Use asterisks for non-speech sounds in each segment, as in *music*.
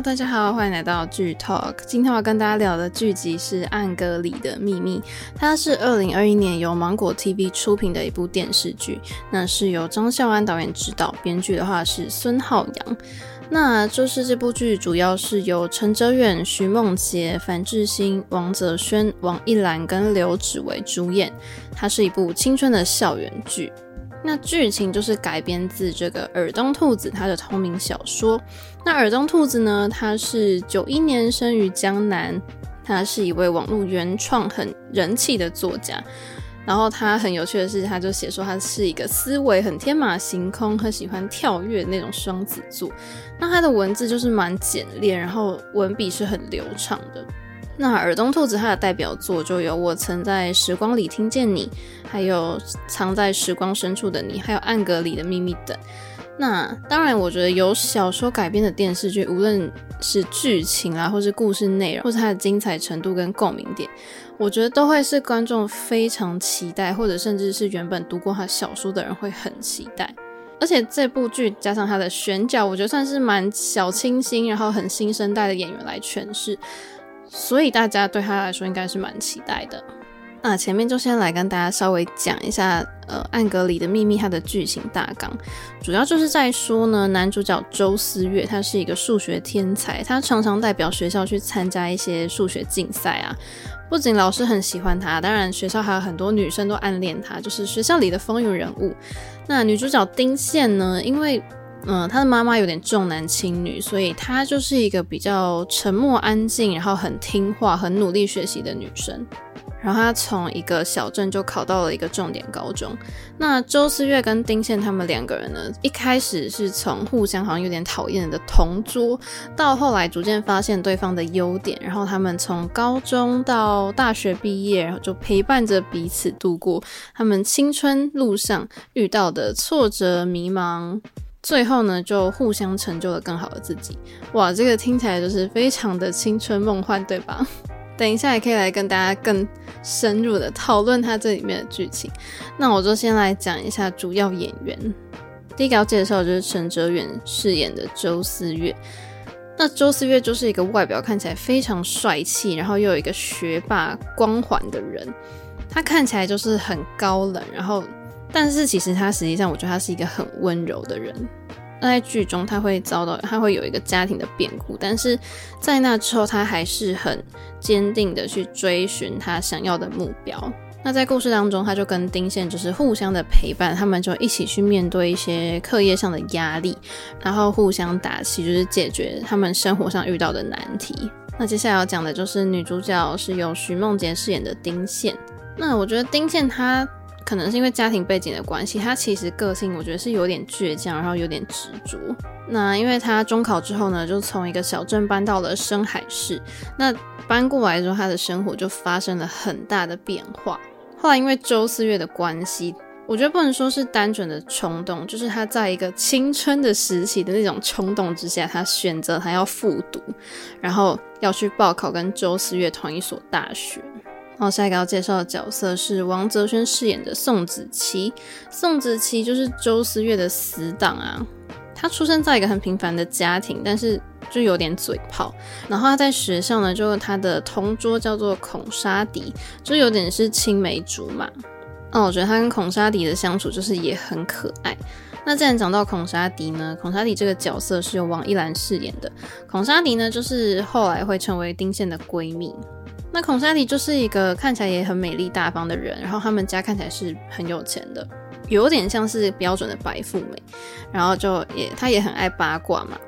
大家好，歡迎來到劇 Talk。今天我要跟大家聊的劇集是《暗格裡的秘密》，它是二零二一年由芒果 TV 出品的一部電視劇。那是由張笑安導演指導，編劇的話是孫浩洋。那就是這部劇主要是由陳哲遠、徐夢潔、樊志新、王澤軒、王一然跟劉芷為主演。它是一部青春的校園劇。那劇情就是改編自這個耳東兔子他的同名小說。那耳東兔子呢，他是九一年生於江南，他是一位網絡原創很人氣的作家。然後他很有趣的是，他就寫說他是一個思維很天馬行空，很喜歡跳躍那種雙子座。那他的文字就是蠻簡練，然後文筆是很流暢的。那耳東兔子它的代表作就有《我曾在時光裡聽見你》，還有《藏在時光深處的你》，還有《暗格裡的秘密》等。那當然，我覺得由小說改編的電視劇，無論是劇情啊，或是故事內容，或是它的精彩程度跟共鳴點，我覺得都會是觀眾非常期待，或者甚至是原本讀過他小說的人會很期待。而且這部劇加上它的選角，我覺得算是蠻小清新，然後很新生代的演員來詮釋。所以大家對他來說應該是蠻期待的。那前面就先來跟大家稍微講一下，呃，《暗格裡的秘密》它的劇情大綱，主要就是在說呢，男主角周斯越他是一個數學天才，他常常代表學校去參加一些數學競賽啊。不僅老師很喜歡他，當然學校還有很多女生都暗戀他，就是學校裡的風雲人物。那女主角丁羨呢，因為。嗯，她的媽媽有點重男輕女，所以她就是一個比較沉默、安靜，然後很聽話、很努力學習的女生。然後她從一個小鎮就考到了一個重點高中。那周思越跟丁倩他們兩個人呢，一開始是從互相好像有點討厭的同桌，到後來逐漸發現對方的優點，然後他們從高中到大學畢業，然後就陪伴着彼此度過他們青春路上遇到的挫折、迷茫。最後呢，就互相成就了更好的自己。哇，這個聽起來就是非常的青春夢幻，對吧？等一下也可以來跟大家更深入的討論它這裡面的劇情。那我就先來講一下主要演員。第一個要介紹的就是陳哲遠飾演的周斯越。那周斯越就是一個外表看起來非常帥氣，然後又有一個學霸光環的人。他看起來就是很高冷，然後，但是其實他實際上，我覺得他是一個很溫柔的人。那在劇中，他會遭到，他會有一個家庭的變故，但是在那之後，他還是很堅定的去追尋他想要的目標。那在故事當中，他就跟丁羨就是互相的陪伴，他們就一起去面對一些課業上的壓力，然後互相打氣，就是解決他們生活上遇到的難題。那接下來要講的就是女主角是由徐夢潔飾演的丁羨。那我覺得丁羨她。可能是因為家庭背景的關係，他其實個性我覺得是有點倔強，然後有點執着。那因為他中考之後呢，就從一個小鎮搬到了深海市。那搬過來之後，他的生活就發生了很大的變化。後來因為周斯越的關係，我覺得不能說是單純的衝動，就是他在一個青春的時期的那種衝動之下，他選擇他要復讀，然後要去報考跟周斯越同一所大學。然、哦、後，下一個要介紹的角色是王哲軒飾演的宋子琪。宋子琪就是周斯越的死黨啊。他出生在一個很平凡的家庭，但是就有點嘴炮。然後他在學校呢，就他的同桌叫做孔莎迪，就有點是青梅竹馬。哦我覺得他跟孔莎迪的相處就是也很可愛。那既然講到孔莎迪呢，孔莎迪這個角色是由王一蘭飾演的。孔莎迪呢，就是後來會成為丁羨的閨蜜。那孔莎莉就是一個看起來也很美麗大方的人，然後他們家看起來是很有錢的，有點像是標準的白富美。然後就也她也很愛八卦嘛。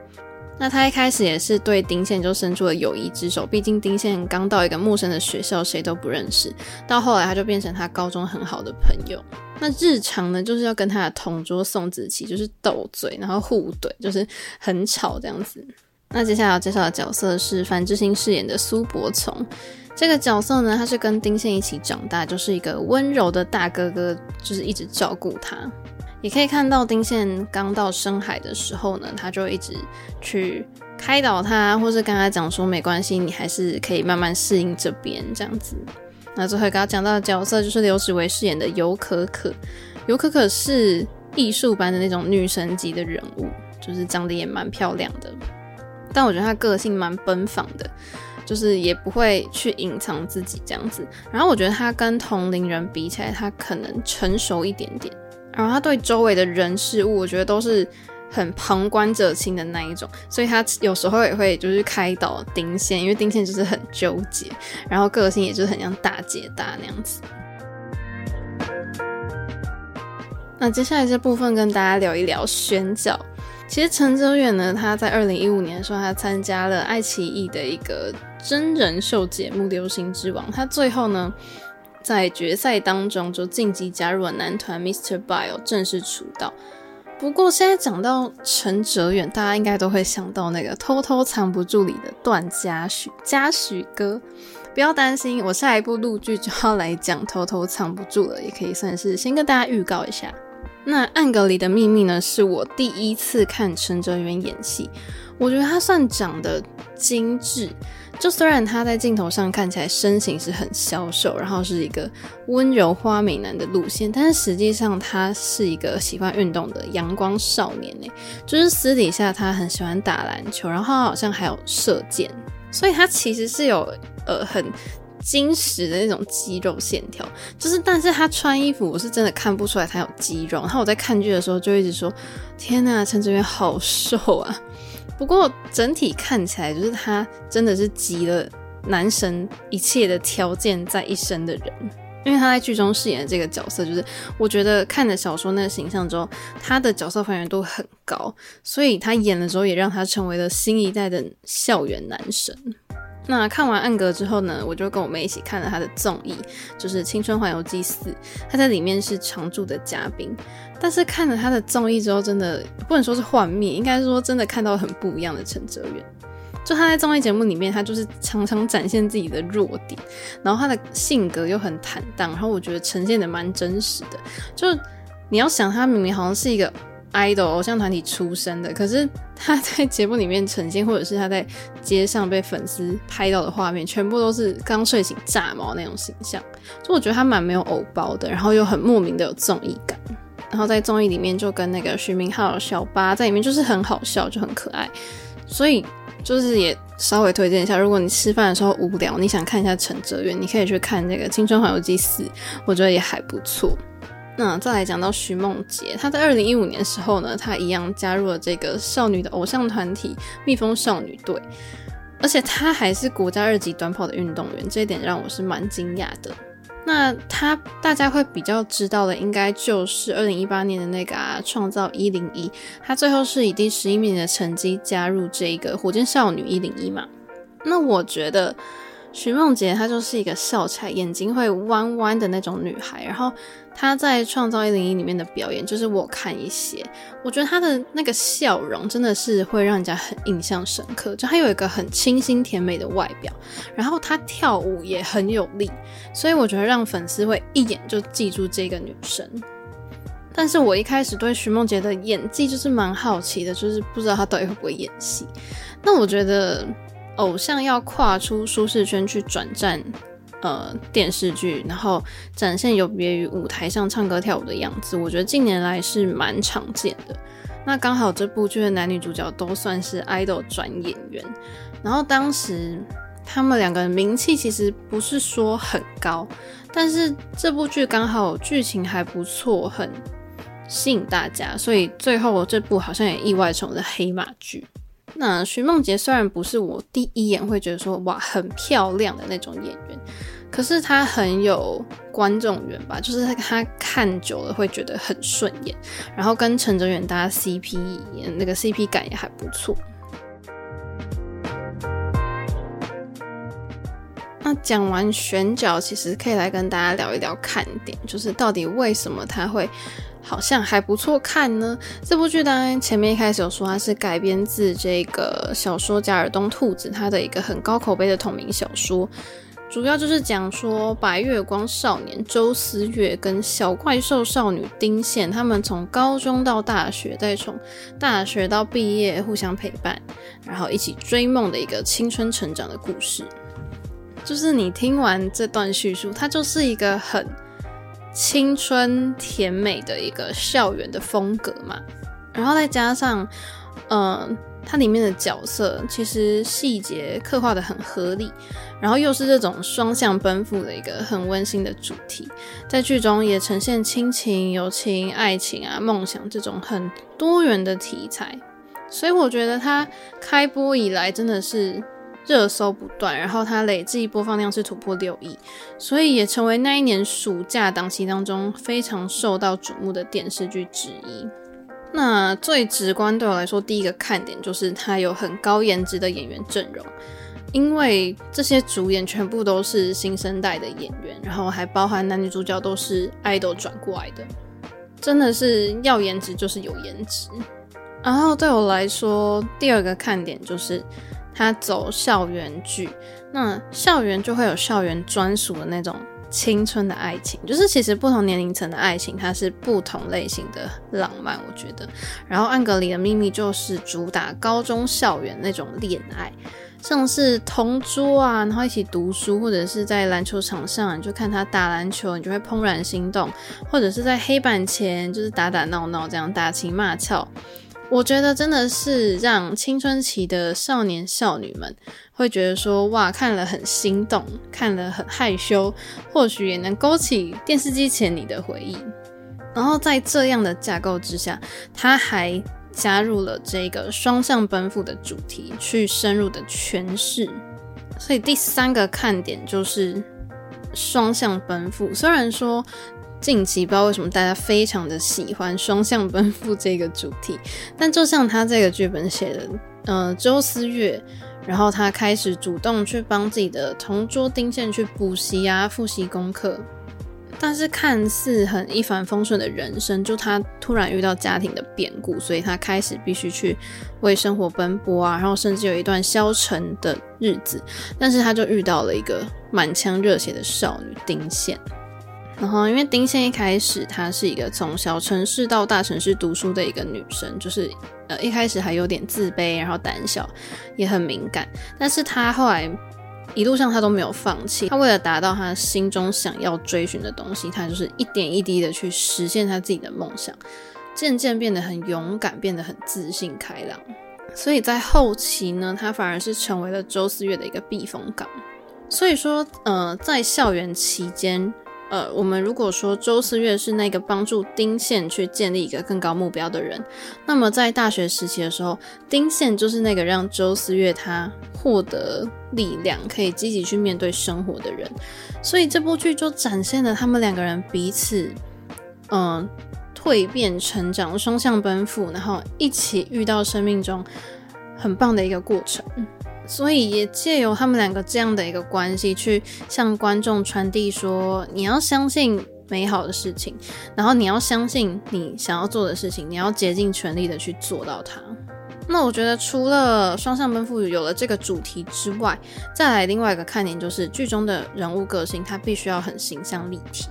那她一開始也是對丁憲就伸出了友誼之手，畢竟丁憲剛到一個陌生的學校，誰都不認識。到後來，他就變成他高中很好的朋友。那日常呢，就是要跟他的同桌宋子琪就是鬥嘴，然後互懟，就是很吵這樣子。那接下來要介紹的角色是范志新飾演的蘇伯從。這個角色呢，他是跟丁羨一起長大，就是一個溫柔的大哥哥，就是一直照顧他。也可以看到丁羨剛到深海的時候呢，他就一直去開導他，或是跟他講說沒關係，你還是可以慢慢適應這邊這樣子。那最後跟他講到的角色就是劉芷微飾演的尤可可，尤可可是藝術班的那種女神級的人物，就是長得也蠻漂亮的，但我覺得她個性蠻奔放的。就是也不會去隱藏自己這樣子，然後我覺得他跟同齡人比起來，他可能成熟一點點，然後他對周圍的人事物，我覺得都是很旁觀者清的那一種，所以他有時候也會就是開導丁憲，因為丁憲就是很糾結，然後個性也就是很像大姐大那樣子。那接下來這部分跟大家聊一聊選角，其實陳哲遠呢，他在二零一五年的時候，他參加了愛奇藝的一個。真人秀節目《流行之王》，他最後呢，在決賽當中就晉級，加入了男團 Mr. Bio，正式出道。不過現在講到陳哲遠，大家應該都會想到那個偷偷藏不住裡的段嘉許嘉許哥。不要擔心，我下一部陸劇就要來講《偷偷藏不住》了，也可以算是先跟大家預告一下。那《暗格裡的秘密》呢，是我第一次看陳哲遠演戲，我覺得他算長得精緻。就雖然他在鏡頭上看起來身形是很消瘦，然後是一個溫柔花美男的路線，但是實際上他是一個喜歡運動的陽光少年呢、欸。就是私底下他很喜歡打籃球，然後好像還有射箭，所以他其實是有呃很精實的那種肌肉線條。就是，但是他穿衣服，我是真的看不出來他有肌肉。然後我在看劇的時候就一直說：天吶、啊，陳哲遠好瘦啊！不過整體看起來，就是他真的是集了男神一切的條件在一身的人，因為他在劇中飾演的這個角色，就是我覺得看了小說那個形象之後，他的角色還原度很高，所以他演的時候也讓他成為了新一代的校園男神。那看完《暗格》之後呢，我就跟我妹一起看了他的綜藝，就是《青春環遊記四》，他在裡面是常駐的嘉賓。但是看了他的綜藝之後，真的不能說是幻滅，應該是說真的看到很不一樣的陳哲遠。就他在綜藝節目裡面，他就是常常展現自己的弱點，然後他的性格又很坦蕩，然後我覺得呈現的蠻真實的。就你要想，他明明好像是一個 idol 偶像團體出身的，可是他在節目裡面呈現，或者是他在街上被粉絲拍到的畫面，全部都是剛睡醒炸毛那種形象。就我覺得他蠻沒有偶包的，然後又很莫名的有綜藝感。然後在綜藝裡面就跟那個徐明浩、小八在裡面就是很好笑，就很可愛，所以就是也稍微推薦一下，如果你吃飯的時候無聊，你想看一下陳哲遠，你可以去看那個《青春環遊記四》，我覺得也還不錯。那再來講到徐夢潔，她在二零一五年的時候呢，她一樣加入了這個少女的偶像團體蜜蜂少女隊，而且她還是國家二級短跑的運動員，這一點讓我是蠻驚訝的。那他，大家會比較知道的，應該就是二零一八年的那個、啊《創造一零一》，他最後是以第十一名的成績加入這個火箭少女一零一嘛。那我覺得。徐夢潔，她就是一個笑起來眼睛會彎彎的那種女孩，然後她在《創造101》裡面的表演，就是我看一些，我覺得她的那個笑容真的是會讓人家很印象深刻。就她有一個很清新甜美的外表，然後她跳舞也很有力，所以我覺得讓粉絲會一眼就記住這個女生。但是我一開始對徐夢潔的演技就是蠻好奇的，就是不知道她到底會不會演戲。那我覺得。偶像要跨出舒適圈去轉戰，呃，電視劇，然後展現有別於舞台上唱歌跳舞的樣子，我覺得近年來是蠻常見的。那剛好這部劇的男女主角都算是 idol 轉演員，然後當時他們兩個人名氣其實不是說很高，但是這部劇剛好劇情還不錯，很吸引大家，所以最後這部好像也意外成了黑馬劇。那徐夢潔雖然不是我第一眼會覺得說哇很漂亮的那種演員，可是她很有觀眾緣吧，就是她看久了會覺得很順眼，然後跟陳哲遠搭 CP，那個 CP 感也還不錯。那講完選角，其實可以來跟大家聊一聊看點，就是到底為什麼他會。好像還不錯看呢？這部劇當然前面一開始有說，它是改編自這個小說家耳東兔子它的一個很高口碑的同名小說，主要就是講說白月光少年周斯越跟小怪獸少女丁羨他們從高中到大學，再從大學到畢業互相陪伴，然後一起追夢的一個青春成長的故事。就是你聽完這段敘述，它就是一個很。青春甜美的一個校園的風格嘛，然後再加上，嗯、呃，它裡面的角色其實細節刻畫得很合理，然後又是這種雙向奔赴的一個很溫馨的主題，在劇中也呈現親情、友情、愛情啊、夢想這種很多元的題材，所以我覺得它開播以來真的是。熱搜不斷，然後它累計播放量是突破六億，所以也成為那一年暑假檔期當中非常受到矚目的電視劇之一。那最直觀對我來說，第一個看點就是它有很高顏值的演員陣容，因為這些主演全部都是新生代的演員，然後還包含男女主角都是愛豆轉過來的，真的是要顏值就是有顏值。然後對我來說，第二個看點就是。他走校園劇，那校園就會有校園專屬的那種青春的愛情，就是其實不同年齡層的愛情，它是不同類型的浪漫，我覺得。然後《暗格裡的秘密》就是主打高中校園那種戀愛，像是同桌啊，然後一起讀書，或者是在籃球場上，你就看他打籃球，你就會怦然心動，或者是在黑板前就是打打鬧鬧，這樣打情罵俏。我覺得真的是讓青春期的少年少女們會覺得說，哇，看了很心動，看了很害羞，或許也能勾起電視機前你的回憶。然後在這樣的架構之下，他還加入了這個雙向奔赴的主題去深入的詮釋。所以第三個看點就是雙向奔赴，雖然說。近期不知道為什麼大家非常的喜歡雙向奔赴這個主題，但就像他這個劇本寫的，呃，周斯越，然後他開始主動去幫自己的同桌丁羨去補習啊，複習功課。但是看似很一帆風順的人生，就他突然遇到家庭的變故，所以他開始必須去為生活奔波啊，然後甚至有一段消沉的日子。但是他就遇到了一個滿腔熱血的少女丁羨。然、嗯、後，因為丁羨一開始她是一個從小城市到大城市讀書的一個女生，就是呃一開始還有點自卑，然後膽小，也很敏感。但是她後來一路上她都沒有放棄，她為了達到她心中想要追尋的東西，她就是一點一滴的去實現她自己的夢想，漸漸變得很勇敢，變得很自信開朗。所以在後期呢，她反而是成為了周斯越的一個避風港。所以說，呃，在校園期間。呃，我們如果說周斯越是那個幫助丁羨去建立一個更高目標的人,那麼在大學時期的時候，丁羨就是那個讓周斯越他獲得力量，可以積極去面對生活的人。所以這部劇就展現了他們兩個人彼此，嗯、呃，蛻變成長，雙向奔赴，然後一起遇到生命中很棒的一個過程。所以也借由他們兩個這樣的一個關係，去向觀眾傳遞說：你要相信美好的事情，然後你要相信你想要做的事情，你要竭盡全力的去做到它。那我覺得，除了雙向奔赴有了這個主題之外，再來另外一個看點就是劇中的人物個性，他必須要很形象立體。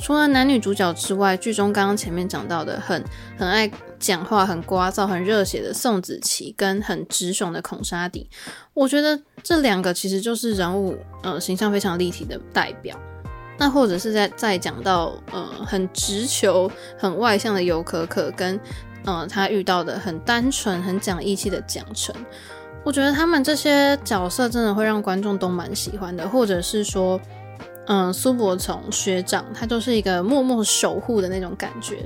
除了男女主角之外，劇中剛剛前面講到的很很愛講話、很聒噪、很熱血的宋子琪，跟很直爽的孔莎迪，我覺得這兩個其實就是人物、呃、形象非常立體的代表。那或者是在在講到嗯、呃、很直球、很外向的尤可可，跟嗯、呃、他遇到的很單純、很講義氣的蔣丞，我覺得他們這些角色真的會讓觀眾都蠻喜歡的，或者是說。嗯，蘇柏聰學長，他就是一個默默守護的那種感覺。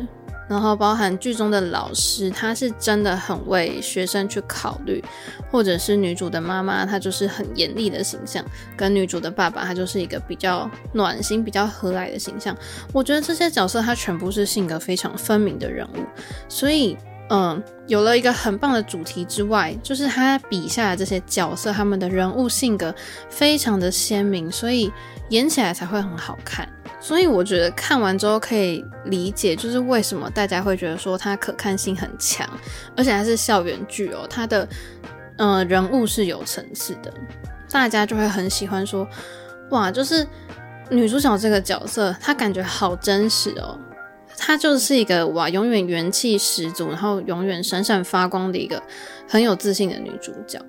然後，包含劇中的老師，他是真的很為學生去考慮，或者是女主的媽媽，她就是很嚴厲的形象；跟女主的爸爸，他就是一個比較暖心、比較和藹的形象。我覺得這些角色，他全部是性格非常分明的人物，所以。嗯，有了一個很棒的主題之外，就是他筆下的這些角色，他們的人物性格非常的鮮明，所以演起來才會很好看。所以我覺得看完之後可以理解，就是為什麼大家會覺得說它可看性很強，而且還是校園劇哦，它的呃，嗯，人物是有層次的，大家就會很喜歡說，哇，就是女主角這個角色，她感覺好真實哦。她就是一個哇，永遠元氣十足，然後永遠閃閃發光的一個很有自信的女主角。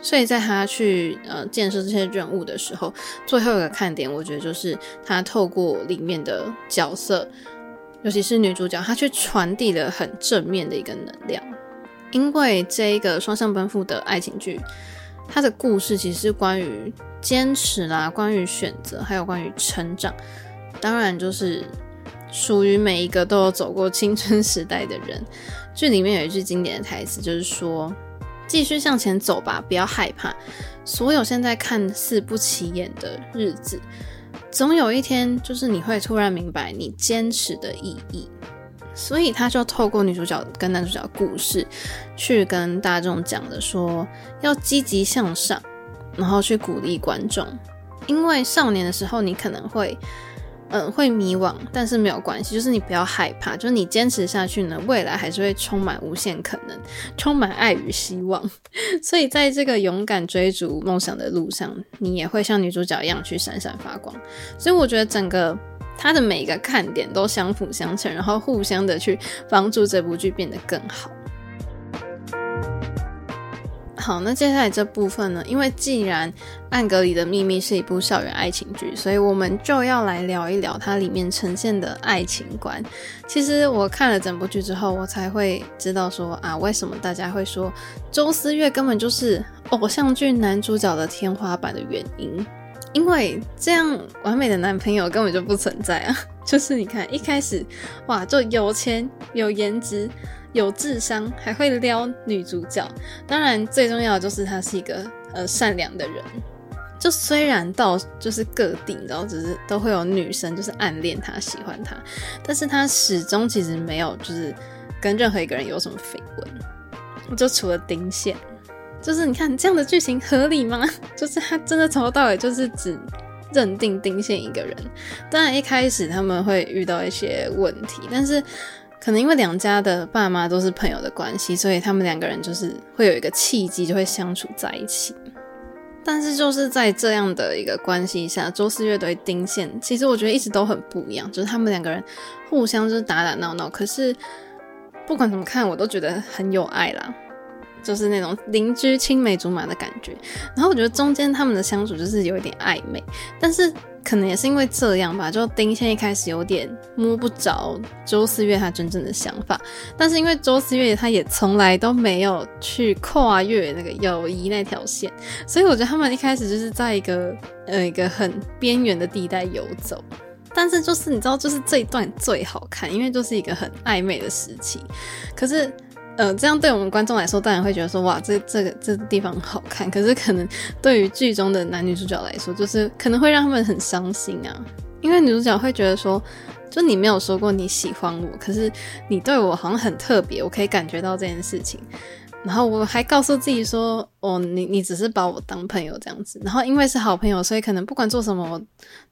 所以在她去呃建設這些人物的時候，最後一個看點，我覺得就是她透過裡面的角色，尤其是女主角，她去傳遞了很正面的一個能量。因為這一個雙向奔赴的愛情劇，它的故事其實是關於堅持啦，關於選擇，還有關於成長。當然就是。屬於每一個都有走過青春時代的人，劇裡面有一句經典的台詞，就是說：“繼續向前走吧，不要害怕，所有現在看似不起眼的日子，總有一天，就是你會突然明白你堅持的意義。”所以他就透過女主角跟男主角的故事，去跟大眾講的，說要積極向上，然後去鼓勵觀眾，因為少年的時候，你可能會。嗯，會迷惘，但是沒有關係，就是你不要害怕，就是你堅持下去呢，未來還是會充滿無限可能，充滿愛與希望。 *laughs* 所以在這個勇敢追逐夢想的路上，你也會像女主角一樣去閃閃發光。所以我覺得整個它的每一個看點都相輔相成，然後互相的去幫助這部劇變得更好。好，那接下來這部分呢，因為既然《暗格裡的秘密》是一部校園愛情劇，所以我們就要來聊一聊它裡面呈現的愛情觀。其實我看了整部劇之後，我才會知道說啊，為什麼大家會說周斯越根本就是偶像劇男主角的天花板的原因。因為這樣完美的男朋友根本就不存在啊！就是你看一開始哇，就有錢有顏值。有智商還會撩女主角，當然最重要的就是他是一個呃善良的人。就雖然到就是各地，然後只是都會有女生就是暗戀他，喜歡他，但是他始終其實沒有就是跟任何一個人有什麼緋聞，就除了丁線，就是你看這樣的劇情合理嗎？就是他真的從頭到尾就是只認定丁線一個人。當然一開始他們會遇到一些問題，但是。可能因為兩家的爸媽都是朋友的關係，所以他們兩個人就是會有一個契機，就會相處在一起。但是就是在這樣的一個關係下，周斯越跟丁羨其實我覺得一直都很不一樣，就是他們兩個人互相就是打打鬧鬧，可是不管怎麼看，我都覺得很有愛啦，就是那種鄰居青梅竹馬的感覺。然後我覺得中間他們的相處就是有一點曖昧，但是。可能也是因為這樣吧，就丁羨一開始有點摸不着周思越他真正的想法，但是因為周思越他也從來都沒有去跨越那個友誼那條線，所以我覺得他們一開始就是在一個呃一個很邊緣的地帶游走，但是就是你知道，就是這一段最好看，因為就是一個很曖昧的時期，可是。呃，這樣對我們觀眾來說，當然會覺得說，哇，這這個這地方好看。可是，可能對於劇中的男女主角來說，就是可能會讓他們很傷心啊，因為女主角會覺得說，就你沒有說過你喜歡我，可是你對我好像很特別，我可以感覺到這件事情。然後我還告訴自己說：“哦，你你只是把我當朋友這樣子。然後因為是好朋友，所以可能不管做什麼，我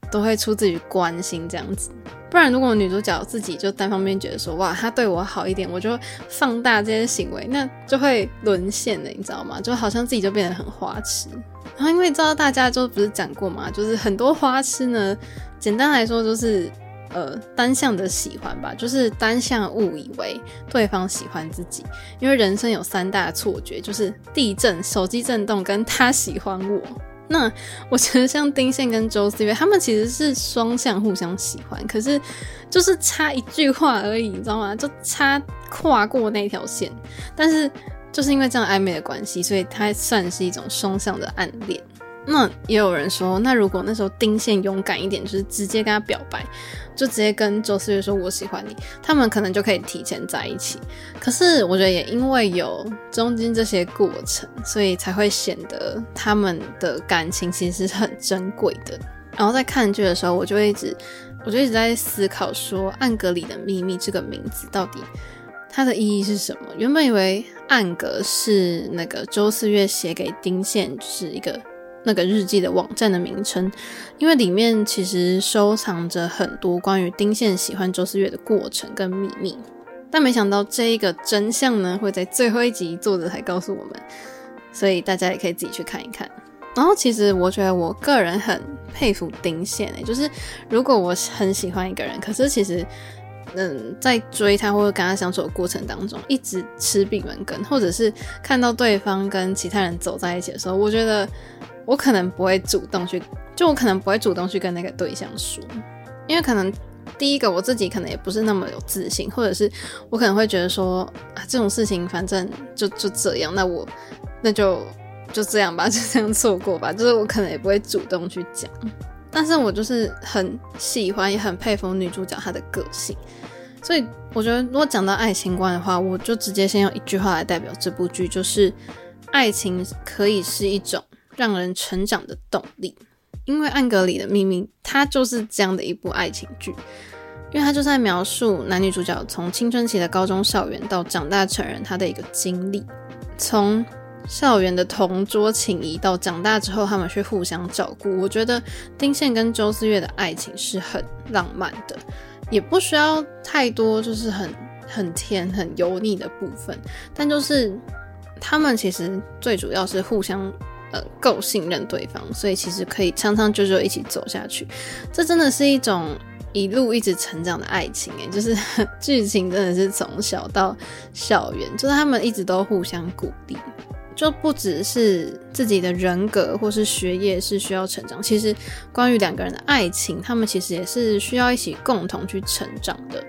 都會出自於關心這樣子。不然，如果女主角自己就單方面覺得說哇，她對我好一點，我就放大這些行為，那就會淪陷了，你知道嗎？就好像自己就變得很花癡。然後因為知道大家就不是講過嘛，就是很多花癡呢，簡單來說就是。”呃，單向的喜歡吧，就是單向誤以為對方喜歡自己。因為人生有三大錯覺，就是地震、手機震動跟他喜歡我。那我覺得像丁羨跟周斯越他們其實是雙向互相喜歡，可是就是差一句話而已，你知道嗎？就差跨過那條線。但是就是因為這樣曖昧的關係，所以它算是一種雙向的暗戀。那也有人說，那如果那時候丁羨勇敢一點，就是直接跟他表白。就直接跟周四月說我喜歡你，他們可能就可以提前在一起。可是我覺得也因為有中間這些過程，所以才會顯得他們的感情其實是很珍貴的。然後在看劇的時候，我就一直我就一直在思考說《暗格裡的秘密》這個名字到底它的意義是什麼？原本以為暗格是那個周四月寫給丁羨，就是一個。那個日記的網站的名稱，因為裡面其實收藏着很多關於丁羨喜歡周斯越的過程跟秘密，但沒想到這一個真相呢，會在最後一集作者才告訴我們，所以大家也可以自己去看一看。然後，其實我覺得我個人很佩服丁羨、欸、就是如果我很喜歡一個人，可是其實，嗯，在追他或者跟他相處的過程當中，一直吃閉門羹，或者是看到對方跟其他人走在一起的時候，我覺得。我可能不會主動去，就我可能不會主動去跟那個對象說，因為可能第一個我自己可能也不是那麼有自信，或者是我可能會覺得說啊這種事情反正就就這樣，那我那就就這樣吧，就這樣錯過吧，就是我可能也不會主動去講。但是我就是很喜歡，也很佩服女主角她的個性，所以我覺得如果講到愛情觀的話，我就直接先用一句話來代表這部劇，就是愛情可以是一種。讓人成長的動力，因為《暗格裡的秘密》它就是這樣的一部愛情劇，因為它就在描述男女主角從青春期的高中校園到長大成人他的一個經歷，從校園的同桌情誼到長大之後他們去互相照顧。我覺得丁羨跟周斯越的愛情是很浪漫的，也不需要太多就是很很甜很油膩的部分，但就是他們其實最主要是互相。呃、嗯，夠信任對方，所以其實可以長長久久一起走下去。這真的是一種一路一直成長的愛情，也就是劇情真的是從小到校園，就是他們一直都互相鼓勵，就不只是自己的人格或是學業是需要成長，其實關於兩個人的愛情，他們其實也是需要一起共同去成長的。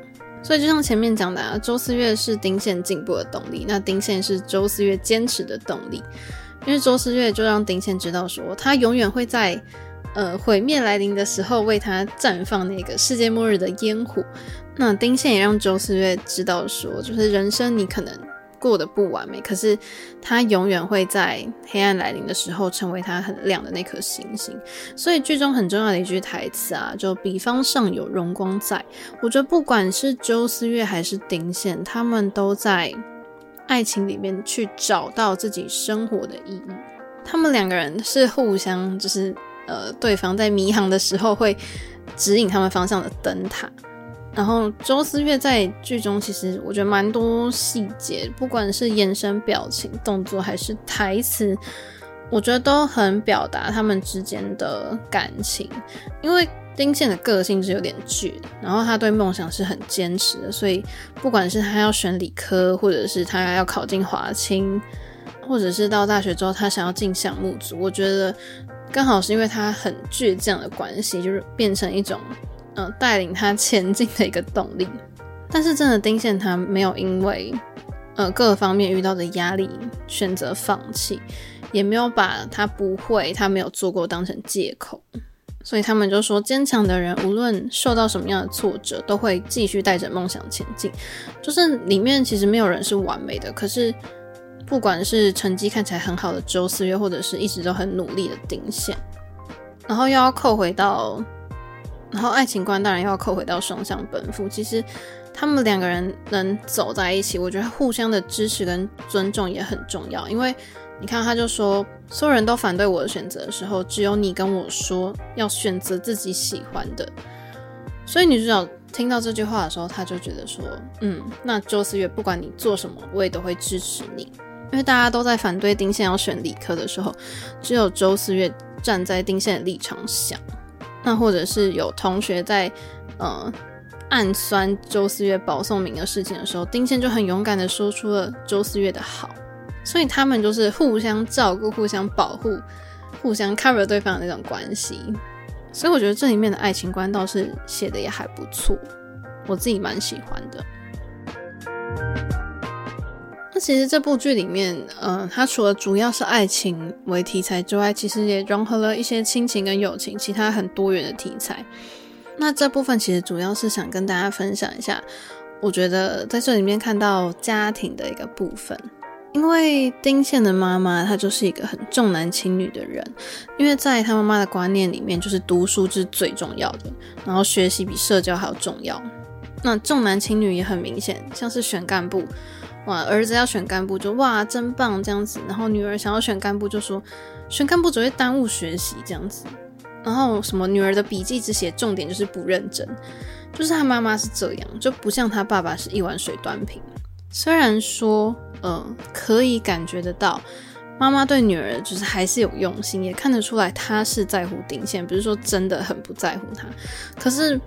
所以就像前面講的、啊，周斯越是丁羨進步的動力，那丁羨是周斯越堅持的動力。因為周思月就讓丁羨知道說，他永遠會在，呃，毀滅來臨的時候為他綻放那個世界末日的煙火。那丁羨也讓周思月知道說，就是人生你可能過得不完美，可是他永遠會在黑暗來臨的時候成為他很亮的那顆星星。所以劇中很重要的一句台詞啊，就“彼方尚有榮光在”。我覺得不管是周思月還是丁羨，他們都在。愛情裡面去找到自己生活的意義。他們兩個人是互相，就是呃，對方在迷航的時候會指引他們方向的燈塔。然後周斯越在劇中，其實我覺得蠻多細節，不管是眼神、表情、動作還是台詞，我覺得都很表達他們之間的感情，因為。丁羨的個性是有點倔，然後他對夢想是很堅持的，所以不管是他要選理科，或者是他要考進華清，或者是到大學之後他想要進項目組，我覺得剛好是因為他很倔強的關係，就是變成一種呃帶領他前進的一個動力。但是真的丁羨他沒有因為呃各方面遇到的壓力選擇放棄，也沒有把他不會、他沒有做過當成借口。所以他們就說，堅強的人無論受到什麼樣的挫折，都會繼續帶着夢想前進。就是裡面其實沒有人是完美的，可是不管是成績看起來很好的周斯越，或者是一直都很努力的丁羨，然後又要扣回到，然後愛情觀當然要扣回到雙向奔赴。其實他們兩個人能走在一起，我覺得互相的支持跟尊重也很重要。因為你看，他就說。所有人都反對我的選擇的時候，只有你跟我說要選擇自己喜歡的。所以女主角聽到這句話的時候，她就覺得說，嗯，那周斯越不管你做什麼，我也都會支持你。因為大家都在反對丁羨要選理科的時候，只有周斯越站在丁羨的立場想。那或者是有同學在，呃，暗算周斯越保送名額的事情的時候，丁羨就很勇敢的說出了周斯越的好。所以他們就是互相照顧、互相保護、互相 cover 對方的那種關係。所以我覺得這裡面的愛情觀倒是寫的也還不錯，我自己蠻喜歡的。那其實這部劇裡面，嗯、呃，它除了主要是愛情為題材之外，其實也融合了一些親情跟友情，其他很多元的題材。那這部分其實主要是想跟大家分享一下，我覺得在這裡面看到家庭的一個部分。因為丁羨的媽媽，她就是一個很重男輕女的人。因為在她媽媽的觀念裡面，就是讀書是最重要的，然後學習比社交還要重要。那重男輕女也很明顯，像是選幹部，哇，兒子要選幹部就哇真棒這樣子，然後女兒想要選幹部就說選幹部只會耽誤學習這樣子。然後什麼女兒的筆記只寫重點就是不認真，就是她媽媽是這樣，就不像她爸爸是一碗水端平。雖然說，嗯、呃，可以感覺得到，媽媽對女兒就是還是有用心，也看得出來她是在乎丁羨，不是說真的很不在乎她。可是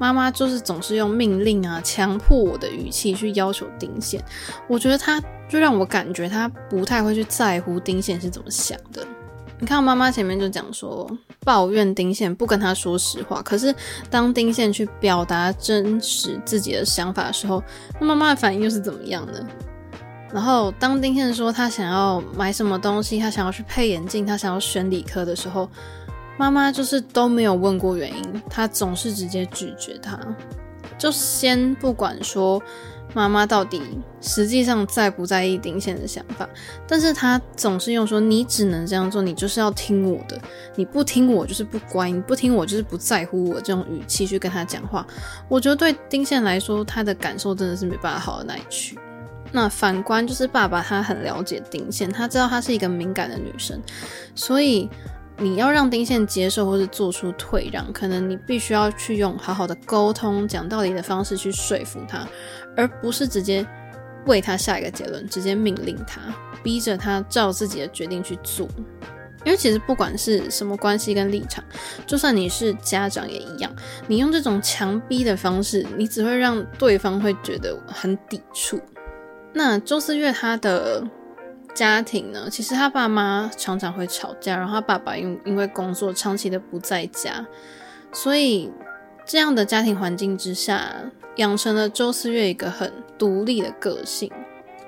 媽媽就是總是用命令啊、強迫我的語氣去要求丁羨，我覺得她就讓我感覺她不太會去在乎丁羨是怎麼想的。你看，媽媽前面就講說抱怨丁羨不跟她說實話，可是當丁羨去表達真實自己的想法的時候，那媽媽的反應又是怎麼樣呢？然後當丁羨說他想要買什麼東西，他想要去配眼鏡，他想要選理科的時候，媽媽就是都沒有問過原因，他總是直接拒絕他，就先不管說。媽媽到底實際上在不在意丁羨的想法？但是她總是用說“你只能這樣做，你就是要聽我的，你不聽我就是不乖，你不聽我就是不在乎我”這種語氣去跟他講話。我覺得對丁羨來說，她的感受真的是沒辦法好到哪裡去。那反觀就是爸爸，他很了解丁羨，他知道她是一個敏感的女生，所以你要讓丁羨接受或是做出退讓，可能你必須要去用好好的溝通、講道理的方式去說服她。而不是直接為他下一個結論，直接命令他，逼着他照自己的決定去做。因為其實不管是什麼關係跟立場，就算你是家長也一樣，你用這種強逼的方式，你只會讓對方會覺得很抵觸。那周斯越他的家庭呢？其實他爸媽常常會吵架，然後他爸爸因因為工作長期的不在家，所以這樣的家庭環境之下。養成了周斯越一個很獨立的個性，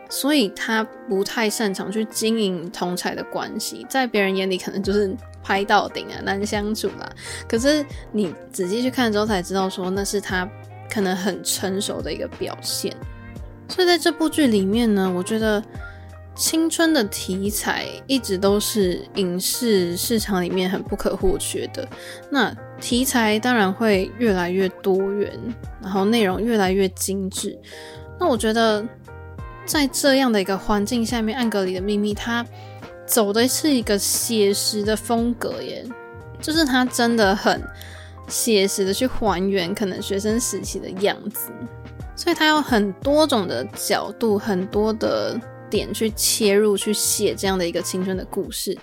所以她不太擅長去經營同儕的關係，在別人眼裡可能就是拍到頂啊，難相處啦。可是你仔細去看之後才知道，說那是他可能很成熟的一個表現。所以在這部劇裡面呢，我覺得青春的題材一直都是影視市場裡面很不可或缺的。那題材當然會越來越多元，然後內容越來越精緻。那我覺得，在這樣的一個環境下面，《暗格裡的秘密》它走的是一個寫實的風格耶，就是它真的很寫實的去還原可能學生時期的樣子，所以它有很多種的角度，很多的點去切入，去寫這樣的一個青春的故事，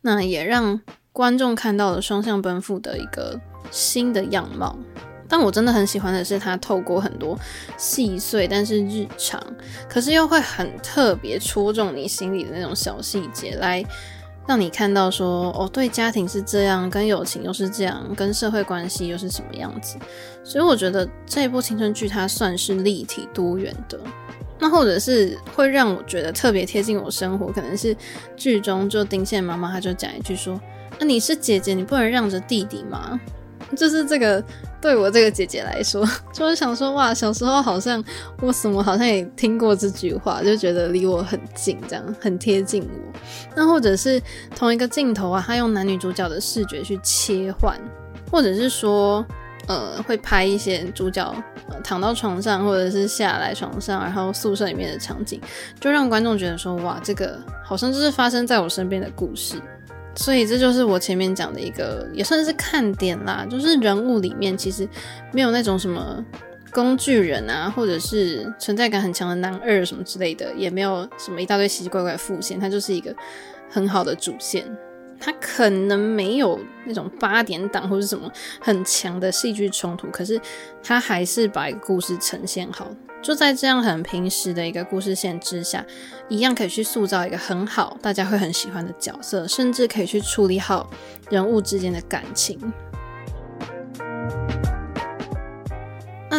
那也讓觀眾看到的雙向奔赴的一個新的樣貌，但我真的很喜歡的是，它透過很多細碎但是日常，可是又會很特別戳中你心裡的那種小細節，來讓你看到說，哦，對，家庭是這樣，跟友情又是這樣，跟社會關係又是什麼樣子。所以我覺得這一部青春劇它算是立體多元的，那或者是會讓我覺得特別貼近我生活，可能是劇中就丁羨媽媽，她就講一句說。那、啊、你是姐姐，你不能讓着弟弟嗎？就是這個，對我這個姐姐來說，就是想說哇，小時候好像我什麼好像也聽過這句話，就覺得離我很近，這樣很貼近我。那或者是同一個鏡頭啊，他用男女主角的視覺去切換，或者是說呃，會拍一些主角、呃、躺到床上，或者是下來床上，然後宿舍裡面的場景，就讓觀眾覺得說哇，這個好像就是發生在我身邊的故事。所以這就是我前面講的一個，也算是看點啦，就是人物裡面其實沒有那種什麼工具人啊，或者是存在感很強的男二什麼之類的，也沒有什麼一大堆奇奇怪怪的副線，它就是一個很好的主線。他可能沒有那種八點檔或是什麼很強的戲劇衝突，可是他還是把一個故事呈現好。就在這樣很平實的一個故事線之下，一樣可以去塑造一個很好、大家會很喜歡的角色，甚至可以去處理好人物之間的感情。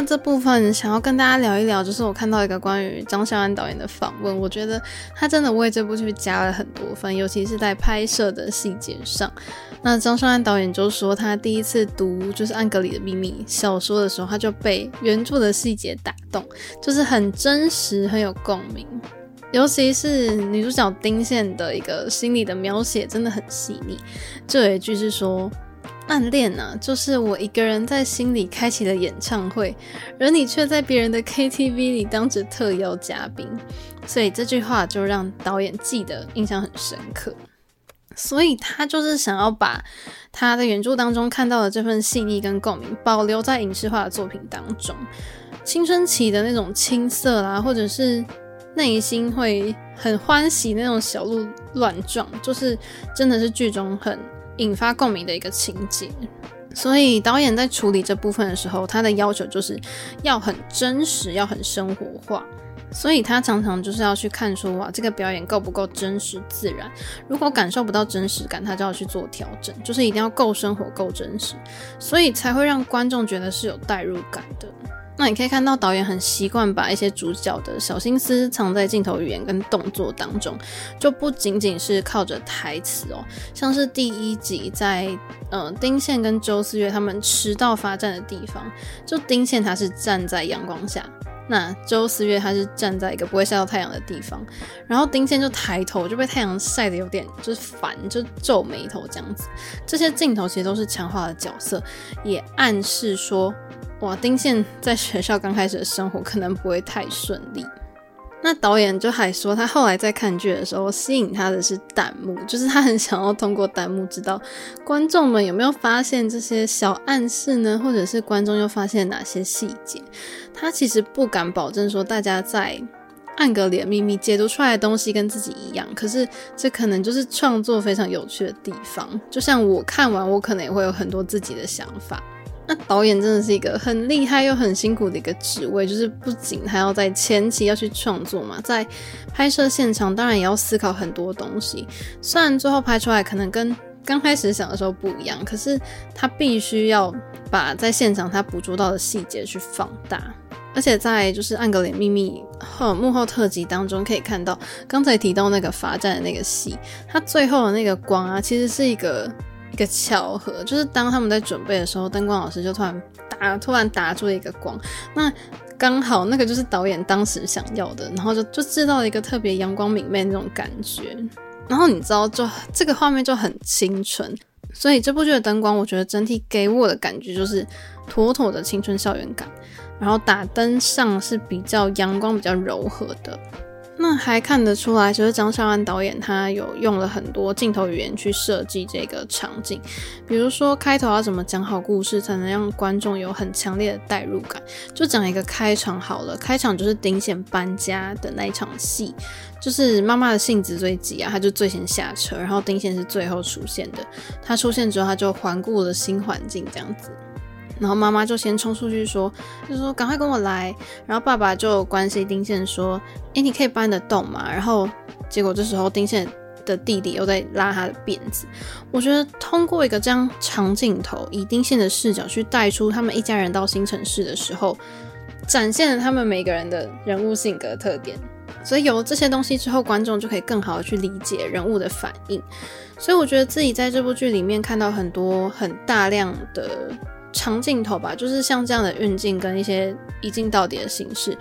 那這部分想要跟大家聊一聊，就是我看到一個關於張笑安導演的訪問，我覺得他真的為這部劇加了很多分，尤其是在拍攝的細節上。那張笑安導演就說，他第一次讀就是《暗格裡的秘密》小說的時候，他就被原著的細節打動，就是很真實，很有共鳴。尤其是女主角丁線的一個心理的描寫，真的很細膩。這一句是說。暗戀呢、啊，就是我一個人在心裡開啟了演唱會，而你卻在別人的 KTV 裡當着特邀嘉賓，所以這句話就讓導演記得印象很深刻，所以他就是想要把他的原著當中看到的這份細膩跟共鳴保留在影視化的作品當中，青春期的那種青澀啦，或者是內心會很歡喜那種小鹿亂撞，就是真的是劇中很。引發共鳴的一個情節，所以導演在處理這部分的時候，他的要求就是要很真實，要很生活化。所以他常常就是要去看出，哇，這個表演夠不夠真實自然？如果感受不到真實感，他就要去做調整，就是一定要夠生活、夠真實，所以才會讓觀眾覺得是有代入感的。那你可以看到導演很習慣把一些主角的小心思藏在鏡頭語言跟動作當中，就不僅僅是靠着台詞哦。像是第一集在呃丁羨跟周斯越他們遲到罰站的地方，就丁羨他是站在陽光下，那周斯越他是站在一個不會曬到太陽的地方，然後丁羨就抬頭就被太陽曬得有點就是煩，就皺眉頭這樣子。這些鏡頭其實都是強化了角色，也暗示說。哇，丁憲在學校剛開始的生活可能不會太順利。那導演就還說，他後來在看劇的時候，吸引他的是彈幕，就是他很想要通過彈幕知道觀眾們有沒有發現這些小暗示呢，或者是觀眾又發現哪些細節。他其實不敢保證說大家在暗格裡的秘密解讀出來的東西跟自己一樣，可是這可能就是創作非常有趣的地方。就像我看完，我可能也會有很多自己的想法。那、啊、導演真的是一個很厲害又很辛苦的一個職位，就是不僅還要在前期要去創作嘛，在拍攝現場當然也要思考很多東西。雖然最後拍出來可能跟剛開始想的時候不一樣，可是他必須要把在現場他捕捉到的細節去放大。而且在就是《暗格裡的秘密》後幕後特輯當中可以看到，剛才提到那個罰站的那個戲，它最後的那個光啊，其實是一個。一個巧合就是，當他們在準備的時候，燈光老師就突然打突然打出了一個光，那剛好那個就是導演當時想要的，然後就就制造了一個特別陽光明媚的那種感覺。然後你知道就，就這個畫面就很青春，所以這部劇的燈光，我覺得整體給我的感覺就是妥妥的青春校園感。然後打燈上是比較陽光、比較柔和的。那還看得出來，就是張笑安導演他有用了很多鏡頭語言去設計這個場景，比如說開頭要怎麼講好故事，才能讓觀眾有很強烈的代入感。就講一個開場好了，開場就是丁顯搬家的那一場戲，就是媽媽的性子最急啊，她就最先下車，然後丁顯是最後出現的。她出現之後，她就環顧了新環境，這樣子。然後媽媽就先衝出去說，就說趕快跟我來。然後爸爸就關心丁憲說：“哎，你可以搬得動嗎？”然後結果這時候丁憲的弟弟又在拉他的辮子。我覺得通過一個這樣長鏡頭，以丁憲的視角去帶出他們一家人到新城市的時候，展現了他們每個人的人物性格特點。所以有了這些東西之後，觀眾就可以更好的去理解人物的反應。所以我覺得自己在這部劇裡面看到很多很大量的。長鏡頭吧，就是像這樣的運鏡跟一些一鏡到底的形式，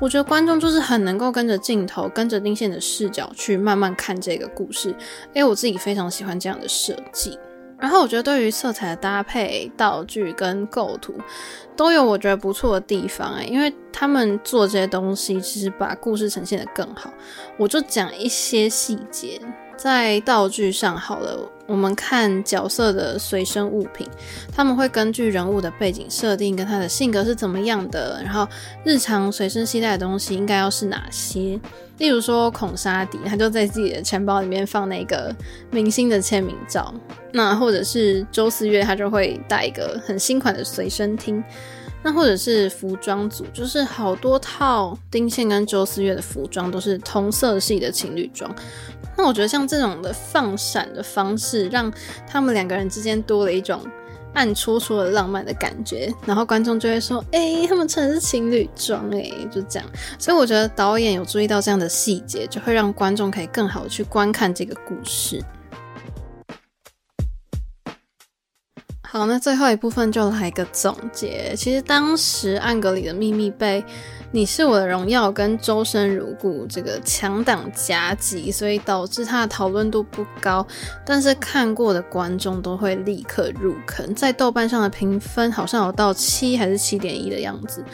我覺得觀眾就是很能夠跟着鏡頭、跟着丁羨的視角去慢慢看這個故事。誒，我自己非常喜歡這樣的設計。然後我覺得對於色彩的搭配、道具跟構圖都有我覺得不錯的地方、欸。誒，因為他們做這些東西，其實把故事呈現得更好。我就講一些細節在道具上好了。我們看角色的隨身物品，他們會根據人物的背景設定跟他的性格是怎麼樣的，然後日常隨身攜帶的東西應該要是哪些。例如說孔莎迪，他就在自己的錢包裡面放那個明星的簽名照；那或者是周斯越，他就會帶一個很新款的隨身聽；那或者是服裝組，就是好多套丁羨跟周斯越的服裝都是同色系的情侶裝。那我覺得像這種的放閃的方式，讓他們兩個人之間多了一種暗戳戳的浪漫的感覺，然後觀眾就會說：“哎、欸，他們穿的是情侶裝，哎，就這樣。”所以我覺得導演有注意到這樣的細節，就會讓觀眾可以更好去觀看這個故事。好，那最後一部分就來一個總結。其實當時暗格裡的秘密被你是我的榮耀跟周生如故這個強檔夾擊，所以導致他的討論度不高。但是看過的觀眾都會立刻入坑，在豆瓣上的評分好像有到七還是七點一的樣子。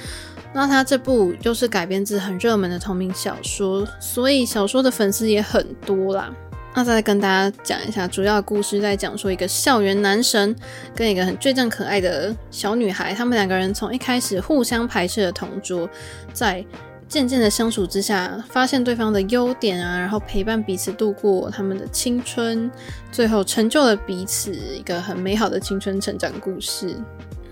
那他這部又是改編自很熱門的同名小說，所以小說的粉絲也很多啦。那再跟大家講一下主要的故事。在講說一個校園男神跟一個很倔強可愛的小女孩，他們兩個人從一開始互相排斥的同桌，在漸漸的相處之下，發現對方的優點啊，然後陪伴彼此度過他們的青春，最後成就了彼此一個很美好的青春成長故事。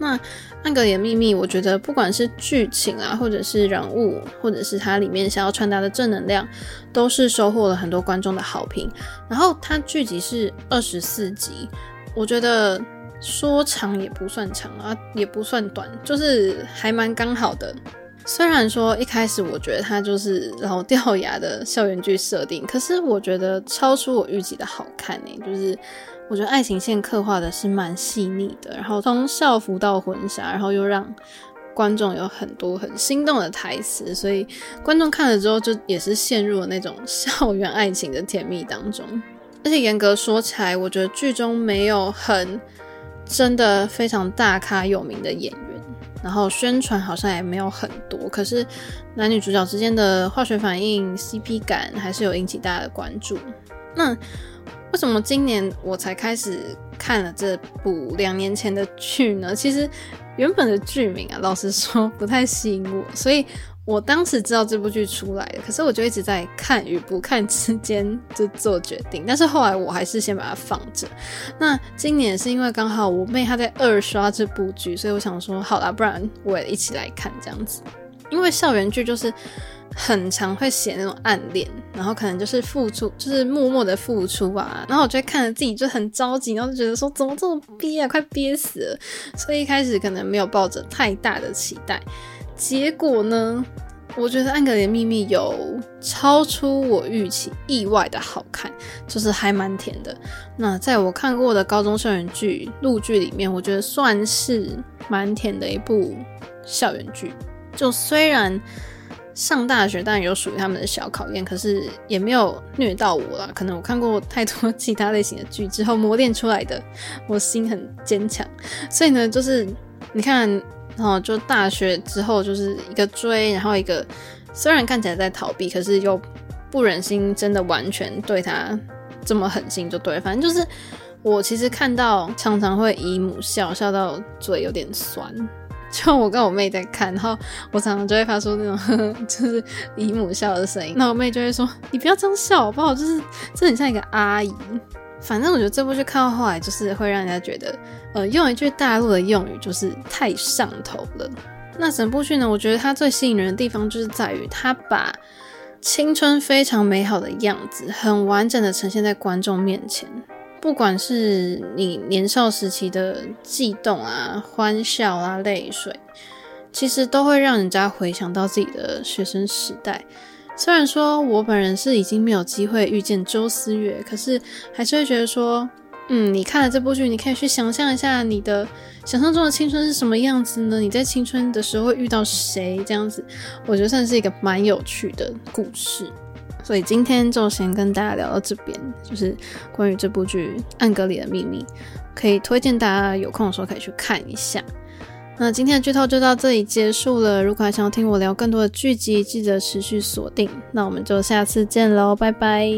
那《暗格裡的秘密》，我覺得不管是劇情啊，或者是人物，或者是它裡面想要傳達的正能量，都是收穫了很多觀眾的好評。然後它劇集是二十四集，我覺得說長也不算長啊，也不算短，就是還蠻剛好的。雖然說一開始我覺得它就是老掉牙的校園劇設定，可是我覺得超出我預計的好看呢、欸，就是。我覺得愛情線刻畫的是蠻細膩的，然後從校服到婚紗，然後又讓觀眾有很多很心動的台詞，所以觀眾看了之後就也是陷入了那種校園愛情的甜蜜當中。而且嚴格說起來，我覺得劇中沒有很真的非常大咖有名的演員，然後宣傳好像也沒有很多，可是男女主角之間的化學反應 CP 感還是有引起大家的關注。那。為什麼今年我才開始看了這部兩年前的劇呢？其實原本的劇名啊，老實說不太吸引我，所以我當時知道這部劇出來了，可是我就一直在看與不看之間就做決定。但是後來我還是先把它放着。那今年是因為剛好我妹她在二刷這部劇，所以我想說好啦，不然我也一起來看這樣子。因為校園劇就是。很常會寫那種暗戀，然後可能就是付出，就是默默的付出啊。然後我就看着自己就很着急，然後就覺得說怎麼這麼憋啊，快憋死了。所以一開始可能沒有抱着太大的期待，結果呢，我覺得《暗格裡的秘密》有超出我預期，意外的好看，就是還蠻甜的。那在我看過的高中校園劇、陸劇裡面，我覺得算是蠻甜的一部校園劇。就雖然。上大學當然有屬於他們的小考驗，可是也沒有虐到我了。可能我看過太多其他類型的劇之後磨練出來的，我心很堅強。所以呢，就是你看，然後就大學之後就是一個追，然後一個雖然看起來在逃避，可是又不忍心真的完全對他這麼狠心，就對。反正就是我其實看到常常會姨母笑，笑到嘴有點酸。就我跟我妹在看，然後我常常就會發出那種呵呵，就是姨母笑的聲音，那我妹就會說你不要這樣笑好不好？我就是這很像一個阿姨。反正我覺得這部劇看到後來就是會讓人家覺得，呃，用一句大陸的用語就是太上頭了。那整部劇呢，我覺得它最吸引人的地方就是在於它把青春非常美好的樣子很完整的呈現在觀眾面前。不管是你年少時期的悸動啊、歡笑啊、淚水，其實都會讓人家回想到自己的學生時代。雖然說我本人是已經沒有機會遇見周斯越，可是還是會覺得說，嗯，你看了這部劇，你可以去想象一下你的想象中的青春是什麼樣子呢？你在青春的時候會遇到誰？這樣子，我覺得算是一個蠻有趣的故事。所以今天就先跟大家聊到這邊，就是關於這部劇《暗格裡的秘密》，可以推薦大家有空的時候可以去看一下。那今天的劇透就到這裡結束了，如果還想要聽我聊更多的劇集，記得持續鎖定。那我們就下次見嘍，拜拜。